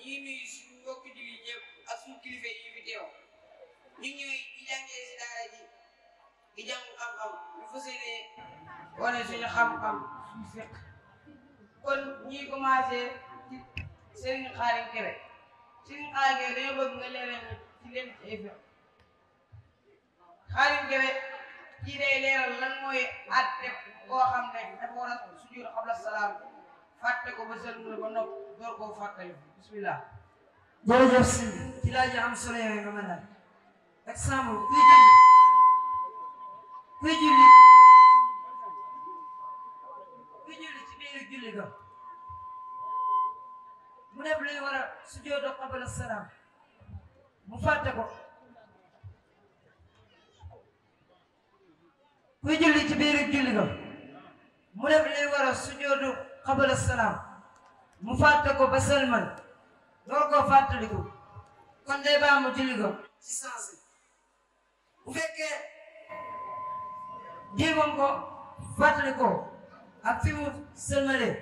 ñuy nuyu suñu mbokki jullit ñëpp ak suñu kilifa yi fi ñu ñooy di jàngee si daara ji di xam-xam ñu fas yéenee wane suñu xam-xam suñu fekk kon ñuy commencé ci Serigne Khadim Kébé Serigne Khadim Kébé dañoo bëgg nga leeral ci leen ci ay fekk Khadim Kébé ci day leeral lan xam ne dafa war a sujur xabla salaam fàtte ko ba mu ne ba nopp door koo fàttali bismillah jërëjëf si ci laaj am solo yooyu nga mën a exemple kuy julli kuy julli kuy julli ci mu def luy war a sujjóotu qabla qabala salaam mu fàtte ko ba sëlmal door koo fàttaliku kon day baax mu julli ko ci sansi bu fekkee jéemoon ko fàttalikoo ak fi mu sëlmalee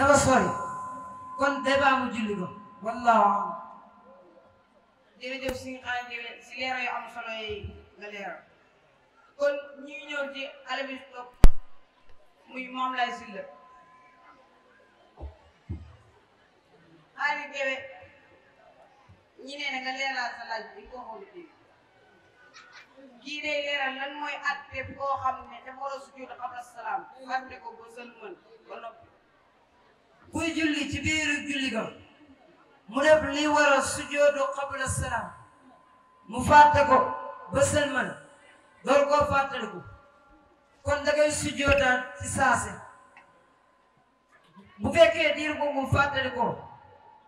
dafa sori kon day baax mu julli ko wallahu alam jërëjëf si nga xam ne si leera yu am solo yi nga leeral kon ñu ñëw ci alabi topp muy Mame Laye Sylla Aliou Deme ñi ne na nga leeral sa laaj bi ko xool dégg kii day leeral lan mooy at te koo xam ne dafa war a sujjóot qabla salaam fàtte ko ba sën mën ba noppi. kuy julli ci biiru julli ga mu def li war a sujjóotu qabla salaam mu fàtte ko ba sën mën door koo fàttaliku kon da ngay sujjóotaat ci saase bu fekkee diir boobu fàttali ko.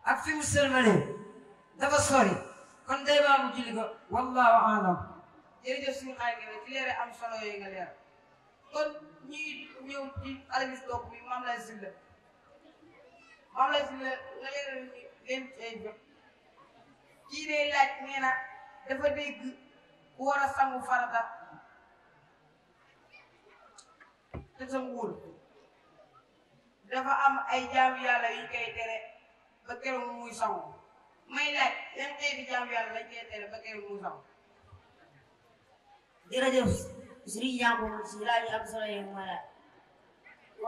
ak fi mu sëlmale dafa sori kon day baamu julli ko wallahu alam jërëjëf suñu xaay nga ci am solo yooyu nga leer kon ñi ñëw ci almis topp bi maam lay silla maam lay silla nga leeral ñu leen ci ay jot kii day laaj nee na dafa dégg ku war a sangu farata te sanguwul dafa am ay jaam yàlla yu koy tere ba keroog muy sangu may laaj yan xeeti jaam yàlla lañ tere ba keroog muy sangu. jërëjëf Serigne Diakhoum si laaj yi am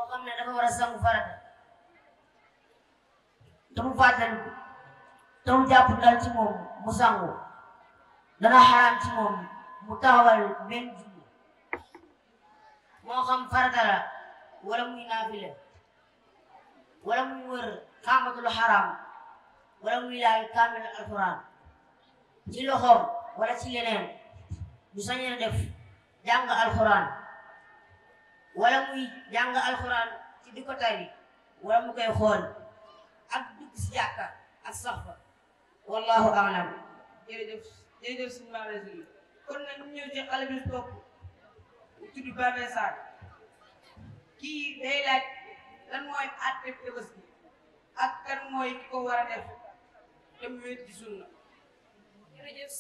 xam ne dafa war a sangu farata te mu fàttali te mu jàpp dal ci moom mu dana xaraam moom mu taxawal benn julli moo xam farata la wala muy naafile wala muy wër xaamatul xaraam wala muy laal kaamil alxuraan ci loxoom wala ci yeneen du sañeen def jàng alxuraan wala muy jàng alxuraan ci di wala mu koy xool ak dugg si jàkka ak sax wallahu aalam kon nag ñu ñëw ci xale bi topp tudd Babé kii day laaj lan mooy àtte tabaski ak kan mooy ki ko war a sunna jërëjëf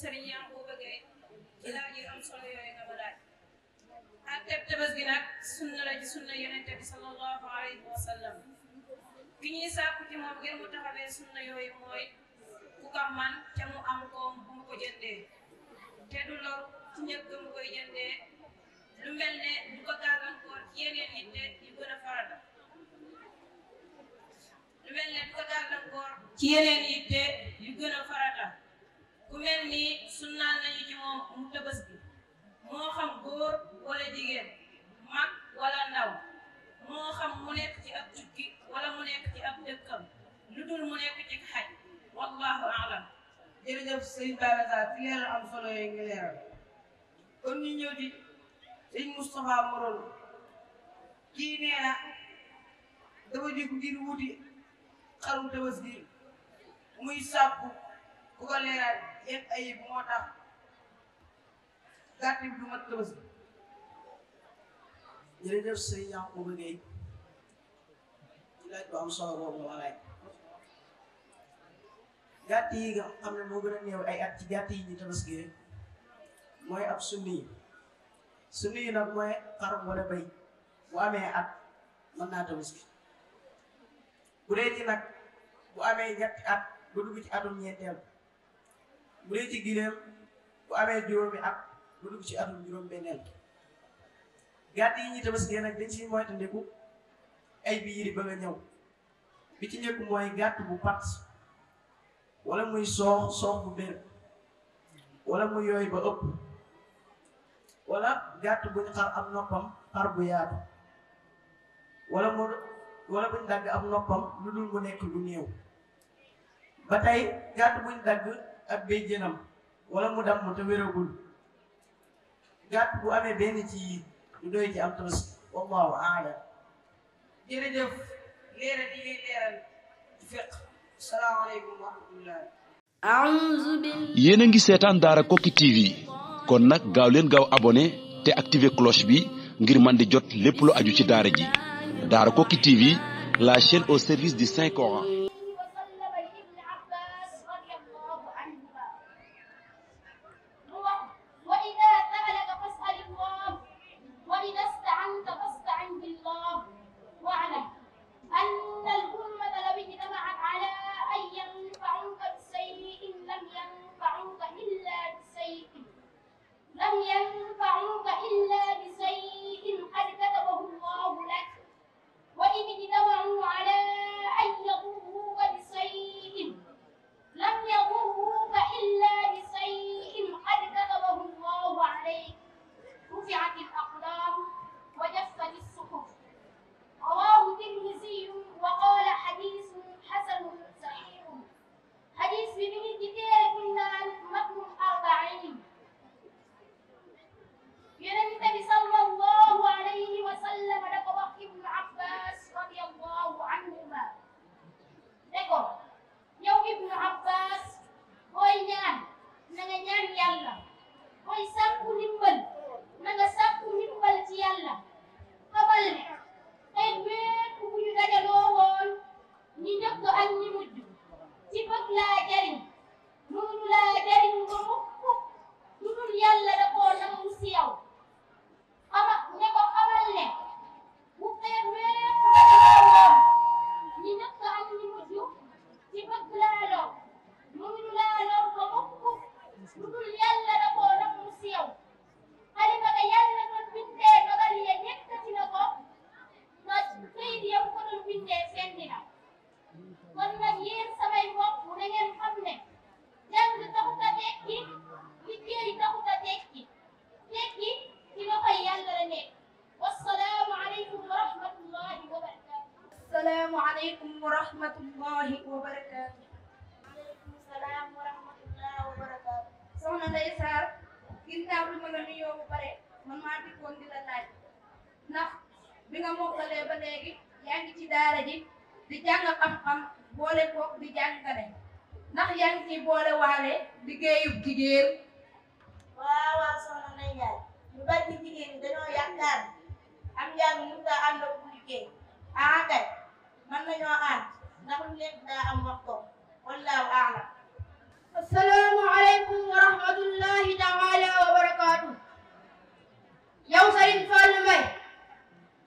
sunna la ci sunna yonente ki ñuy sàkku moom ngir mu taxawee sunna yooyu mooy ku ko man te mu am koom te du lor ci njëkk mu koy jëndee lu mel ne du ko gàllankoor yeneen yitte yu gën a lu mel ne du ko gàllankoor ci yeneen yitte yu gën a farata ku mel ni sunnaal nañu ci moom mu tëbës bi moo xam góor wala jigéen mag wala ndaw moo xam mu nekk ci ab tukki wala mu nekk ci ab dëkkam lu dul mu nekk ci xaj wallahu alam jërëjëf sëñ Babacar ci leeral am solo yooyu ngi leeral kon ñu ñëw di sëñ Moustapha Morone kii nee na dafa jóg ngir wuti xarum tëbës gi muy sàkku ku ko leeral yéen ayib moo tax gàtt du mat tëbës gi jërëjëf sëriñ Yankhoba Gueye ci laaj bu am solo boobu nga laaj gàtt yi nga xam ne moo gën a néew ay at ci gàtt yi ñu mooy ab sunni yi yi nag mooy xarum wala béy bu amee at mën naa tabaski bu dee ci nag bu amee ñetti at bu dugg ci atum ñeenteel bu dee ci gileem bu amee juróomi at bu dugg ci atum juróom-benneel gàtt yi ñuy tabaski nag dañ ciy moytandiku ay biir ba nga ñëw bi ci njëkk mooy gàtt bu pat wala muy soox soox bu bér wala muy yooy ba ëpp wala gàtt buñ xar am noppam xar bu yaatu wala mu wala buñ dagg am noppam lu dul mu nekk lu néew ba tey gàtt buñ dagg ak yéen a ngi seetaan daara Koki TV kon nag gaaw leen gaaw abonné te activé cloche bi ngir man di jot lépp lu aju ci daara ji daara Koki TV la chaîne au service di Saint Coran soxna Ndeye Sarr ginnaaw bi ma la nuyoo ba pare man maa dikkoon di la laaj ndax bi nga mokkalee ba léegi yaa ngi ci daara ji di jàng xam boole kook di jàngale ndax yaa ngi ci boole waale liggéeyub jigéen waaw waaw soxna Ndeye Ndiaye ñu bari ci jigéen ñi dañoo yaakaar am njàng mënut a ànd ak liggéey ah kay mën nañoo ànd ndax lu nekk daa am wax ko wallaahu assalaamu aleykum wa rahmatullahi taala wa barakaatu yow Sëriñ Fallu Mbay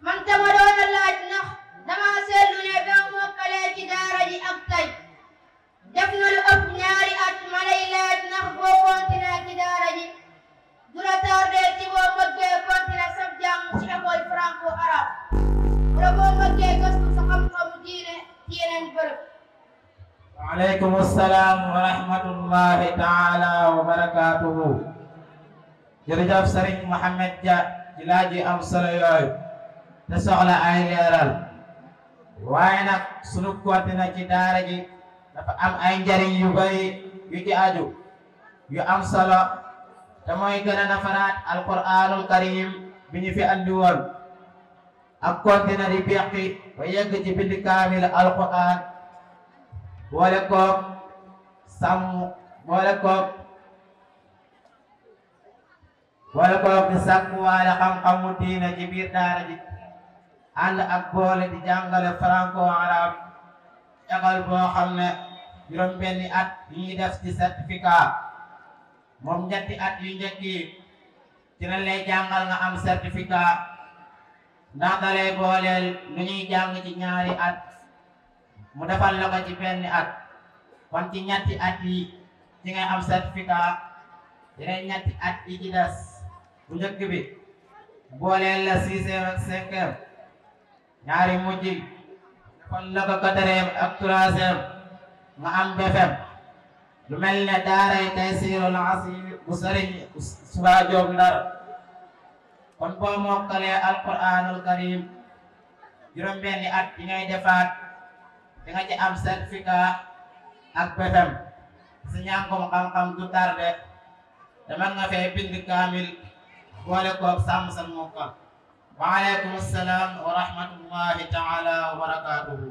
man dama doon laaj ndax dama seetlu ne ba mokkalee ci daara ji ak tay def na lu ëpp ñaari at ma lay laaj ndax boo continuer ci daara ji du la tardé ci boo bëggee continuer sa jàng ci école franco arabe wala boo bëggee gëstu sa xam-xamu diine ci yeneen bërëb. waaleykum salaam wa rahmatulah. rahmatullahi taala wa barakaatuhu jërëjëf sëriñ Mouhamed Dia ci laaj yi am solo yooyu te soxla ay leeral waaye nag sunu kontina ci daara ji dafa am ay njariñ yu bari yu ci aju yu am solo te mooy gën a nafaraat alquraanul karim bi ñu fi andi woon ak kontina di beqi ba yegg ci bind kaamil alquraan boole koog sàmm boole koog boole koog di sàmm waale xam-xamu diina ci biir daara ji ànd ak boole di jàngale franco arab école boo xam ne juróom benni at yu def ci certificat moom ñetti at yu njëkk yi dina lay jàngal nga am certificat ndax da lay booleel jàng ci ñaari at mu defal la ko ci benn at kon ci ñetti at yi ci ngay am certificat yeneen ñetti at yi ci des bu njëkk bi booleel la sixième ak cinquième ñaari mujj kon la ko quatrième ak troisième nga am BFEM lu mel ne daaray Taysiirul Asiir bu sëriñ Suba Joob kon boo mokkalee alquraanul karim juróom benni at yi ngay defaat di nga ci am certificat ak pexem si ñàkkum xam-xam du tarde te mën nga fee bind kaamil boole koog sàmm sa mokkal wa aleykum salaam wa rahmatullahi taala wa barakaatuhu